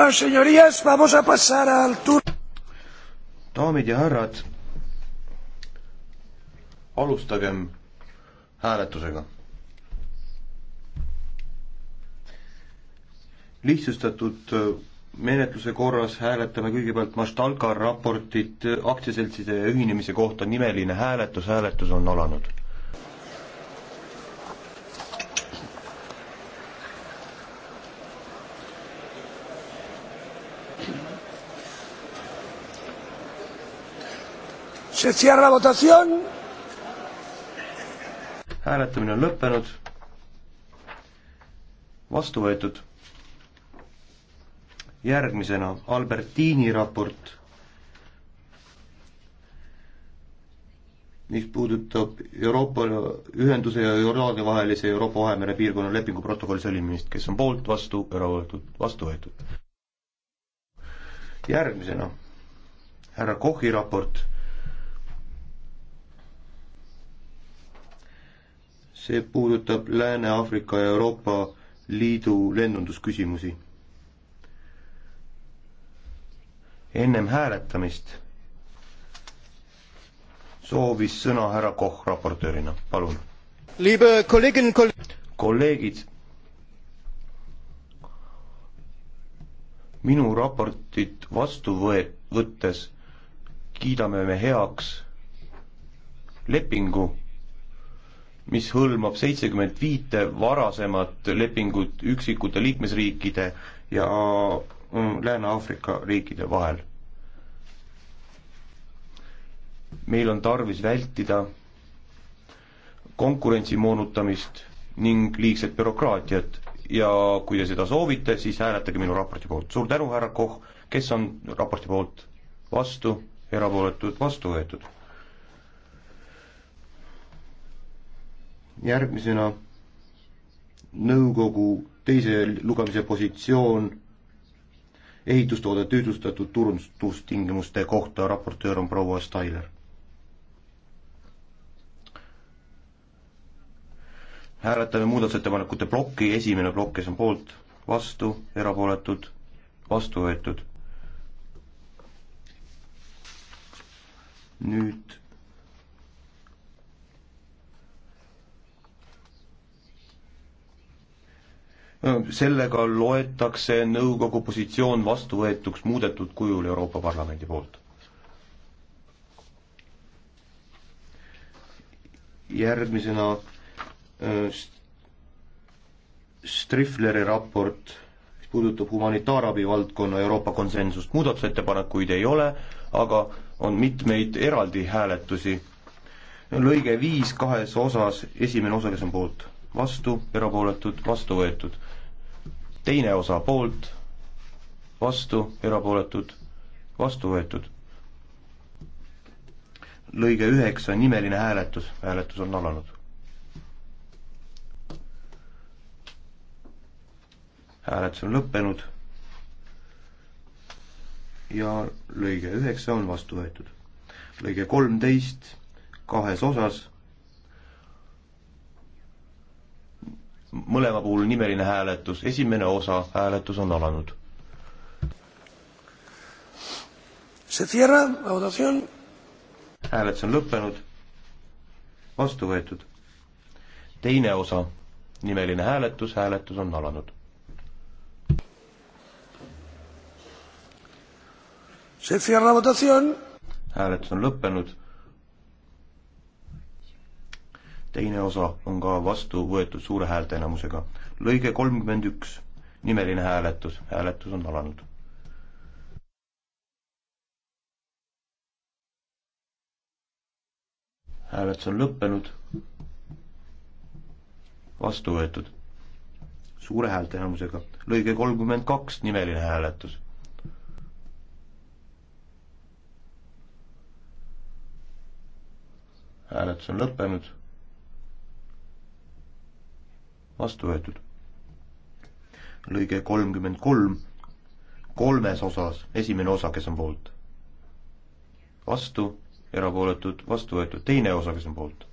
Bueno, señorías, vamos a pasar al tur-. daamid ja härrad, alustagem hääletusega. lihtsustatud äh, menetluse korras hääletame kõigepealt Maštalka raportit äh, aktsiaseltside ühinemise kohta, nimeline hääletus, hääletus on alanud Se cierra la votación. hääletamine on lõppenud. vastu võetud. järgmisena Albertini raport, mis puudutab Euroopa Ühenduse ja Jordaania vahelise Euroopa Vahemere piirkonna lepingu protokolli sõlmimist, kes on poolt, vastu, erapooletud, vastu võetud. järgmisena härra Kochi raport see puudutab Lääne-Aafrika ja Euroopa Liidu lennundusküsimusi. ennem hääletamist soovis sõna härra Koch raportöörina, palun. kolleegid, minu raportit vastu võe-, võttes kiidame me heaks lepingu mis hõlmab seitsekümmend viite varasemat lepingut üksikute liikmesriikide ja mm, Lääne-Aafrika riikide vahel. meil on tarvis vältida konkurentsi moonutamist ning liigset bürokraatiat ja kui te seda soovite, siis hääletage minu raporti poolt. suur tänu, härra Koch, kes on raporti poolt vastu, erapooletud, vastu võetud järgmisena nõukogu teise lugemise positsioon ehitustoode tüüdustatud turundustingimuste kohta, raportöör on proua Stailer. hääletame muudatusettepanekute plokki, esimene plokk, kes on poolt, vastu, erapooletud, vastu võetud. nüüd Äh, sellega loetakse nõukogu positsioon vastuvõetuks muudetud kujul Euroopa Parlamendi poolt. järgmisena äh, Strifleri raport, mis puudutab humanitaarabi valdkonna Euroopa konsensust, muudatusettepanekuid ei ole, aga on mitmeid eraldi hääletusi. lõige viis kahes osas, esimene osa, kes on poolt vastu, erapooletud, vastu võetud. teine osa poolt, vastu, erapooletud, vastu võetud. lõige üheksa, nimeline hääletus, hääletus on alanud. hääletus on lõppenud ja lõige üheksa on vastu võetud. lõige kolmteist kahes osas mõlema puhul nimeline hääletus, esimene osa, hääletus on alanud. hääletus on lõppenud, vastu võetud. teine osa, nimeline hääletus, hääletus on alanud. hääletus on lõppenud teine osa on ka vastu võetud suure häälteenamusega. lõige kolmkümmend üks, nimeline hääletus, hääletus on alanud. hääletus on lõppenud, vastu võetud suure häälteenamusega, lõige kolmkümmend kaks, nimeline hääletus hääletus on lõppenud vastu võetud. lõige kolmkümmend kolm, kolmes osas, esimene osa, kes on poolt? vastu, erapooletud, vastu võetud, teine osa, kes on poolt?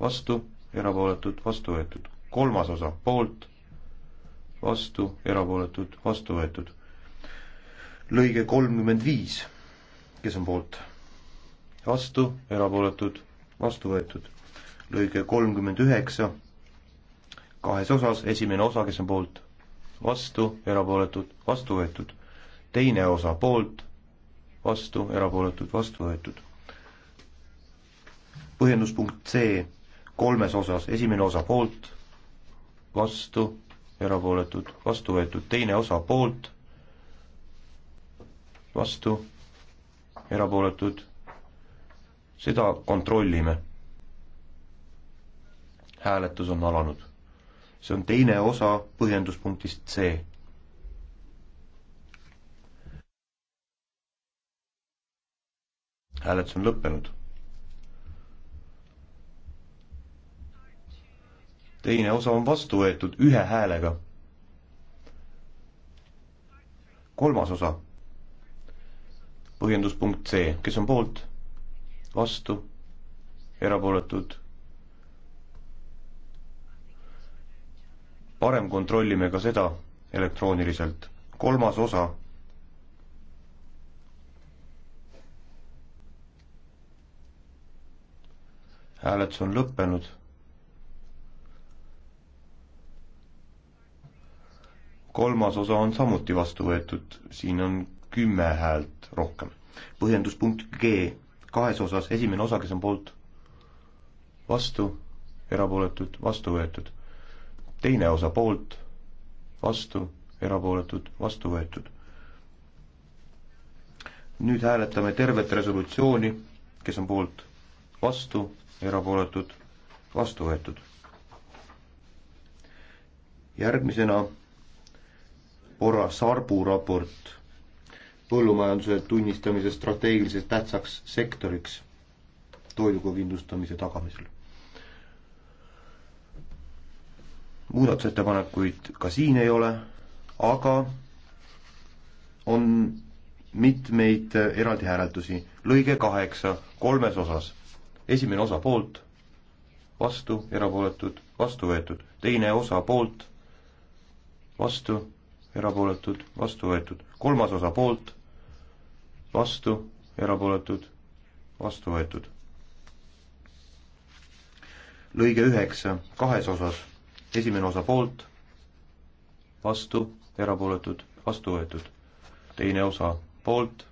vastu, erapooletud, vastu võetud, kolmas osa, poolt, vastu, erapooletud, vastu võetud. lõige kolmkümmend viis, kes on poolt? vastu, erapooletud, vastu võetud. lõige kolmkümmend üheksa kahes osas, esimene osa, kes on poolt, vastu, erapooletud, vastu võetud. teine osa poolt, vastu, erapooletud, vastu võetud. põhjenduspunkt C kolmes osas, esimene osa poolt, vastu, erapooletud, vastu võetud, teine osa poolt, vastu, erapooletud, seda kontrollime. hääletus on alanud see on teine osa põhjenduspunktist C. hääletus on lõppenud. teine osa on vastu võetud ühe häälega. kolmas osa, põhjenduspunkt C, kes on poolt, vastu, erapooletud parem kontrollime ka seda elektrooniliselt. kolmas osa. hääletus on lõppenud. kolmas osa on samuti vastu võetud, siin on kümme häält rohkem. põhjenduspunkt G kahes osas, esimene osa, kes on poolt, vastu, erapooletud, vastu võetud teine osa poolt, vastu, erapooletud, vastu võetud. nüüd hääletame tervet resolutsiooni, kes on poolt, vastu, erapooletud, vastu võetud. järgmisena Porra Sarbu raport põllumajanduse tunnistamise strateegiliselt tähtsaks sektoriks toiduga kindlustamise tagamisel muudatusettepanekuid ka siin ei ole, aga on mitmeid eraldi hääletusi. lõige kaheksa, kolmes osas. esimene osa poolt, vastu, erapooletud, vastu võetud. teine osa poolt, vastu, erapooletud, vastu võetud. kolmas osa poolt, vastu, erapooletud, vastu võetud. lõige üheksa, kahes osas esimene osa poolt, vastu, erapooletud, vastu võetud. teine osa poolt,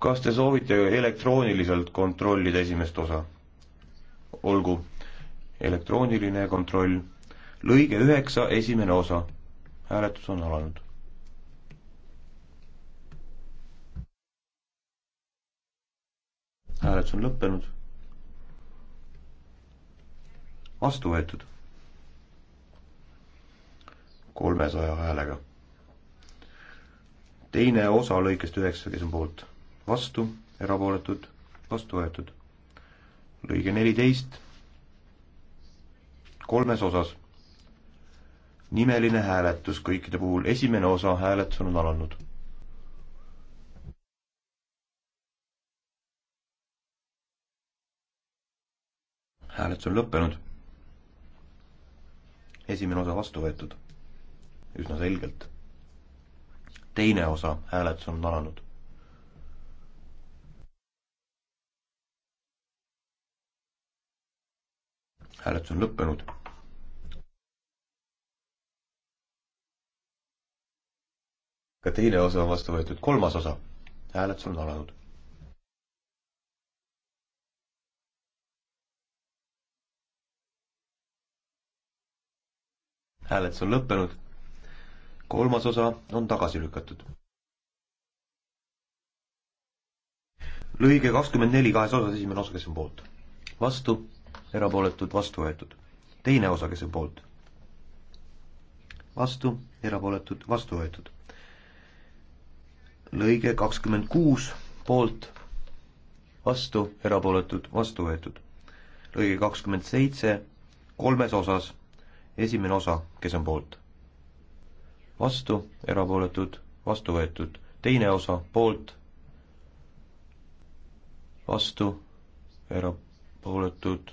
kas te soovite elektrooniliselt kontrollida esimest osa? olgu, elektrooniline kontroll, lõige üheksa, esimene osa. hääletus on alanud hääletus on lõppenud. vastu võetud. kolmesaja häälega. teine osa lõikest üheksa, kes on poolt, vastu, erapooletud, vastu võetud. lõige neliteist, kolmes osas. nimeline hääletus kõikide puhul, esimene osa hääletus on alanud hääletus on lõppenud. esimene osa vastu võetud, üsna selgelt. teine osa hääletus on alanud. hääletus on lõppenud. ka teine osa on vastu võetud, kolmas osa hääletus on alanud. hääletus on lõppenud. kolmas osa on tagasi lükatud. lõige kakskümmend neli kahes osas, esimene osa, kes on poolt, vastu, erapooletud, vastu võetud. teine osa, kes on poolt, vastu, erapooletud, vastu võetud. lõige kakskümmend kuus, poolt, vastu, erapooletud, vastu võetud. lõige kakskümmend seitse, kolmes osas esimene osa, kes on poolt? vastu, erapooletud, vastu võetud. teine osa, poolt, vastu, erapooletud,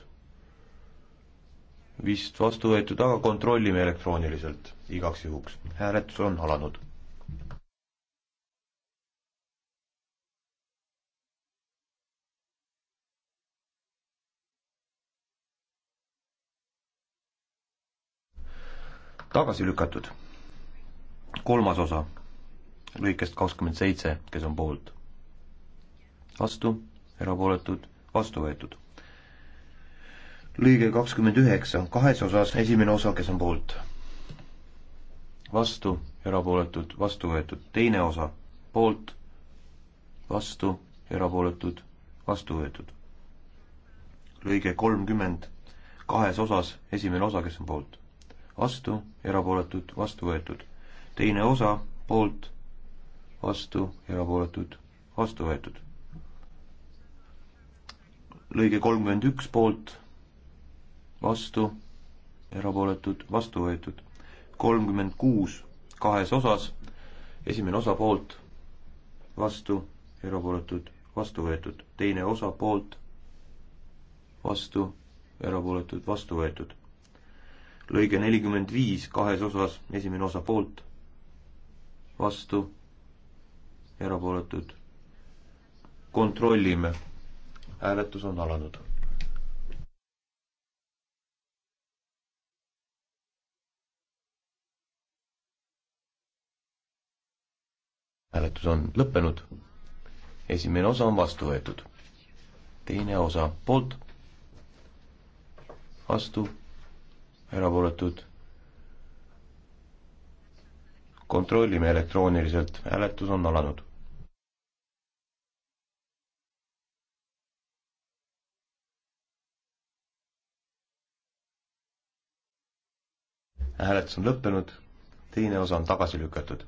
vist vastu võetud, aga kontrollime elektrooniliselt igaks juhuks. hääletus on alanud tagasi lükatud. kolmas osa lõikest kakskümmend seitse, kes on poolt, vastu, erapooletud, vastu võetud. lõige kakskümmend üheksa, kahes osas esimene osa, kes on poolt, vastu, erapooletud, vastu võetud, teine osa, poolt, vastu, erapooletud, vastu võetud. lõige kolmkümmend, kahes osas esimene osa, kes on poolt vastu, erapooletud, vastu võetud. teine osa poolt, vastu, erapooletud, vastu võetud. lõige kolmkümmend üks poolt, vastu, erapooletud, vastu võetud. kolmkümmend kuus kahes osas, esimene osa poolt, vastu, erapooletud, vastu võetud, teine osa poolt, vastu, erapooletud, vastu võetud lõige nelikümmend viis kahes osas, esimene osa poolt, vastu, erapooletud. kontrollime, hääletus on alanud. hääletus on lõppenud. esimene osa on vastu võetud. teine osa poolt, vastu erapooletud. kontrollime elektrooniliselt, hääletus on alanud. hääletus on lõppenud, teine osa on tagasi lükatud.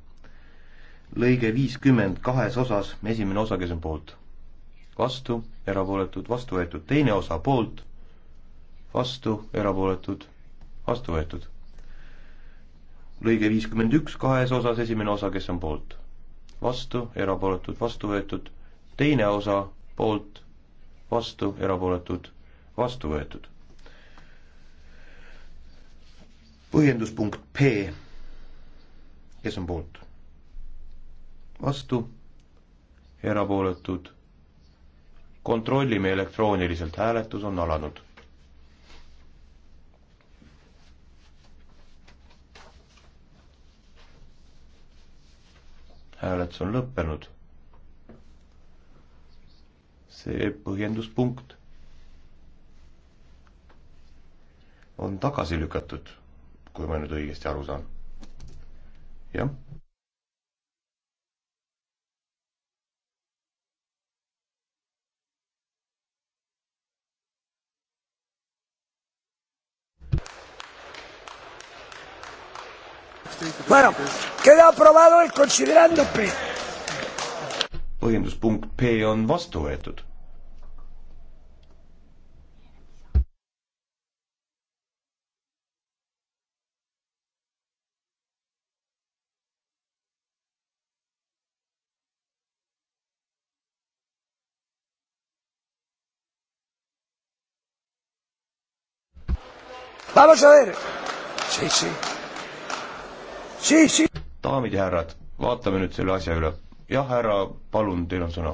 lõige viiskümmend kahes osas, esimene osa, kes on poolt? vastu, erapooletud, vastu võetud, teine osa poolt, vastu, erapooletud vastu võetud. lõige viiskümmend üks kahes osas, esimene osa, kes on poolt? vastu, erapooletud, vastu võetud, teine osa poolt, vastu, erapooletud, vastu võetud. põhjenduspunkt P, kes on poolt? vastu, erapooletud, kontrollime elektrooniliselt, hääletus on alanud hääletus on lõppenud. see põhjenduspunkt on tagasi lükatud, kui ma nüüd õigesti aru saan. jah. Bueno. Queda aprobado el considerando P. põhjenduspunkt P on vastu võetud. Vamos a ver. Sí, sí. Sí, sí daamid ja härrad, vaatame nüüd selle asja üle. jah, härra, palun, teil on sõna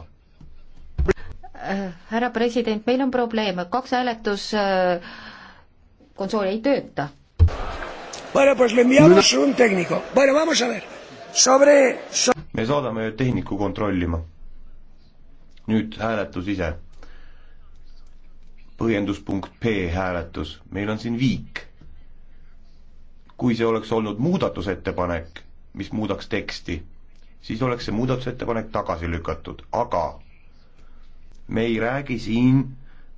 äh, härra president, meil on probleem, kaks hääletuskonsooli äh, ei tööta. me saadame tehniku kontrollima. nüüd hääletus ise. põhjenduspunkt P hääletus, meil on siin viik. kui see oleks olnud muudatusettepanek, mis muudaks teksti, siis oleks see muudatusettepanek tagasi lükatud, aga me ei räägi siin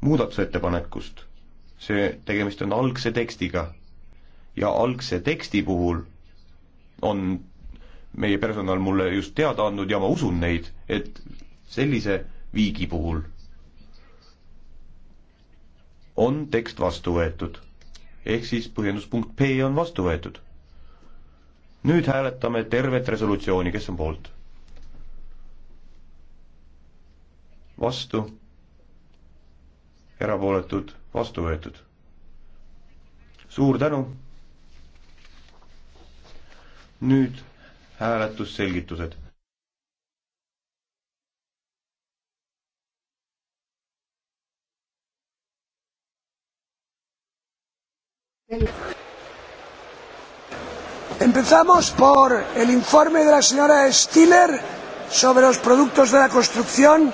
muudatusettepanekust. see, tegemist on algse tekstiga ja algse teksti puhul on meie personal mulle just teada andnud ja ma usun neid, et sellise viigi puhul on tekst vastu võetud. ehk siis põhjenduspunkt B on vastu võetud nüüd hääletame tervet resolutsiooni, kes on poolt? vastu? erapooletud, vastu võetud. suur tänu! nüüd hääletusselgitused. Thank you. Empezamos por el informe de la señora Stiller sobre los productos de la construcción.